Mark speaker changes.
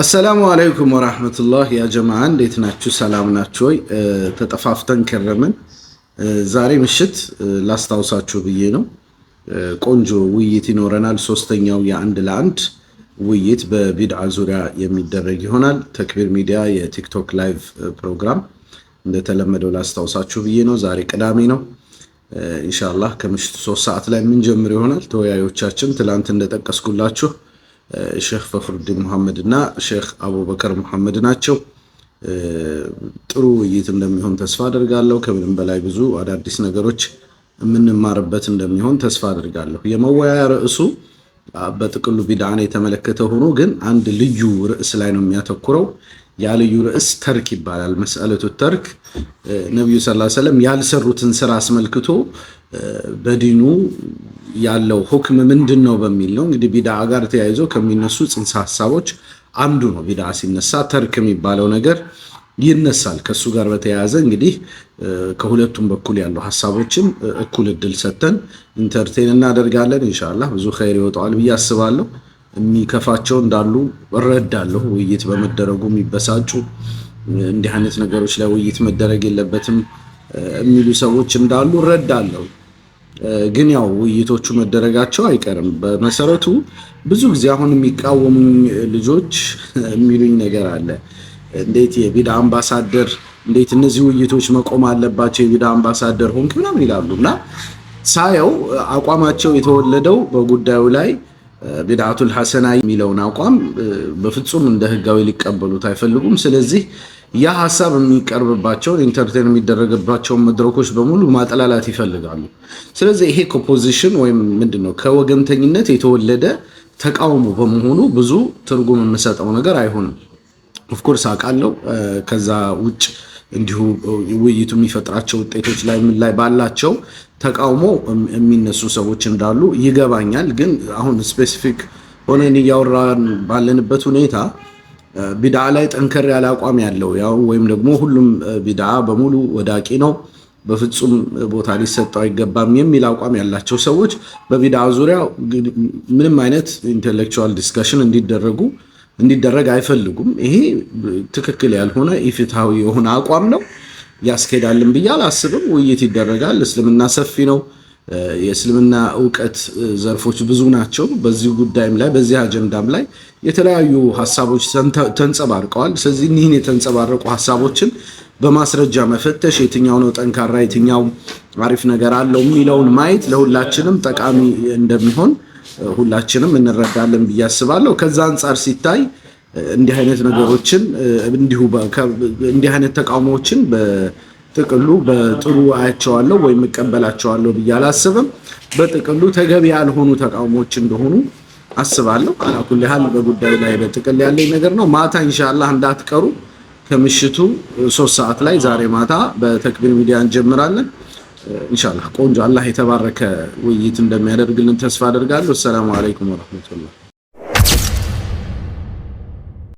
Speaker 1: አሰላሙ አለይኩም ወራህመቱላህ ያ ጀማዓ እንዴት ናችሁ? ሰላም ናችሁ ወይ? ተጠፋፍተን ከረምን። ዛሬ ምሽት ላስታውሳችሁ ብዬ ነው። ቆንጆ ውይይት ይኖረናል። ሶስተኛው የአንድ ለአንድ ውይይት በቢድዓ ዙሪያ የሚደረግ ይሆናል። ተክቢር ሚዲያ የቲክቶክ ላይቭ ፕሮግራም እንደተለመደው ላስታውሳችሁ ብዬ ነው። ዛሬ ቅዳሜ ነው። ኢንሻአላህ ከምሽቱ ሶስት ሰዓት ላይ የምንጀምር ይሆናል። ተወያዮቻችን ትላንት እንደጠቀስኩላችሁ ሼክ ፈክሩዲን ሙሐመድ እና ሼክ አቡበከር ሙሐመድ ናቸው። ጥሩ ውይይት እንደሚሆን ተስፋ አድርጋለሁ። ከምንም በላይ ብዙ አዳዲስ ነገሮች የምንማርበት እንደሚሆን ተስፋ አድርጋለሁ። የመወያያ ርዕሱ በጥቅሉ ቢድዓን የተመለከተ ሆኖ ግን አንድ ልዩ ርዕስ ላይ ነው የሚያተኩረው። ያ ልዩ ርዕስ ተርክ ይባላል። መስአለቱ ተርክ ነቢዩ ሰለላሁ ሰለም ያልሰሩትን ስራ አስመልክቶ በዲኑ ያለው ሁክም ምንድን ነው በሚል ነው። እንግዲህ ቢድዓ ጋር ተያይዞ ከሚነሱ ጽንሰ ሀሳቦች አንዱ ነው። ቢድዓ ሲነሳ ተርክ የሚባለው ነገር ይነሳል። ከሱ ጋር በተያያዘ እንግዲህ ከሁለቱም በኩል ያሉ ሀሳቦችም እኩል እድል ሰጥተን ኢንተርቴን እናደርጋለን። እንሻላ ብዙ ኸይር ይወጣዋል ብዬ አስባለሁ። የሚከፋቸው እንዳሉ እረዳለሁ። ውይይት በመደረጉ የሚበሳጩ እንዲህ አይነት ነገሮች ላይ ውይይት መደረግ የለበትም የሚሉ ሰዎች እንዳሉ እረዳለሁ። ግን ያው ውይይቶቹ መደረጋቸው አይቀርም። በመሰረቱ ብዙ ጊዜ አሁን የሚቃወሙኝ ልጆች የሚሉኝ ነገር አለ እንዴት የቢዳ አምባሳደር እንዴት እነዚህ ውይይቶች መቆም አለባቸው የቢዳ አምባሳደር ሆንክ ምናምን ይላሉ እና ሳየው አቋማቸው የተወለደው በጉዳዩ ላይ ቢድዓቱል ሐሰና የሚለውን አቋም በፍጹም እንደ ህጋዊ ሊቀበሉት አይፈልጉም። ስለዚህ ያ ሀሳብ የሚቀርብባቸውን ኢንተርቴን የሚደረግባቸውን መድረኮች በሙሉ ማጠላላት ይፈልጋሉ። ስለዚህ ይሄ ኮፖዚሽን ወይም ምንድነው ከወገንተኝነት የተወለደ ተቃውሞ በመሆኑ ብዙ ትርጉም የምሰጠው ነገር አይሆንም። ኦፍኮርስ አውቃለሁ። ከዛ ውጭ እንዲሁ ውይይቱ የሚፈጥራቸው ውጤቶች ላይ ምን ላይ ባላቸው ተቃውሞ የሚነሱ ሰዎች እንዳሉ ይገባኛል። ግን አሁን ስፔሲፊክ ሆነን እያወራን ባለንበት ሁኔታ ቢድዓ ላይ ጠንከር ያለ አቋም ያለው ያው ወይም ደግሞ ሁሉም ቢድዓ በሙሉ ወዳቂ ነው በፍጹም ቦታ ሊሰጠው አይገባም የሚል አቋም ያላቸው ሰዎች በቢድዓ ዙሪያ ምንም አይነት ኢንቴሌክቹዋል ዲስከሽን እንዲደረጉ እንዲደረግ አይፈልጉም። ይሄ ትክክል ያልሆነ ኢፍትሐዊ የሆነ አቋም ነው። ያስኬዳልን ብዬ አላስብም። ውይይት ይደረጋል። እስልምና ሰፊ ነው። የእስልምና እውቀት ዘርፎች ብዙ ናቸው። በዚህ ጉዳይም ላይ በዚህ አጀንዳም ላይ የተለያዩ ሀሳቦች ተንጸባርቀዋል። ስለዚህ እኒህን የተንጸባረቁ ሀሳቦችን በማስረጃ መፈተሽ የትኛው ነው ጠንካራ፣ የትኛው አሪፍ ነገር አለው የሚለውን ማየት ለሁላችንም ጠቃሚ እንደሚሆን ሁላችንም እንረዳለን ብዬ አስባለሁ። ከዛ አንጻር ሲታይ እንዲህ አይነት ነገሮችን እንዲሁ እንዲህ አይነት ተቃውሞዎችን በጥቅሉ በጥሩ አያቸዋለሁ ወይም እቀበላቸዋለሁ ብዬ አላስብም። በጥቅሉ ተገቢ ያልሆኑ ተቃውሞዎች እንደሆኑ አስባለሁ። አላኩል ያህል በጉዳዩ ላይ በጥቅል ያለኝ ነገር ነው። ማታ ኢንሻላህ እንዳትቀሩ ከምሽቱ ሶስት ሰዓት ላይ ዛሬ ማታ በተክቢር ሚዲያ እንጀምራለን። እንሻላ ቆንጆ አላህ የተባረከ ውይይት እንደሚያደርግልን ተስፋ አደርጋለሁ። ሰላሙ አለይኩም ወራህመቱላህ።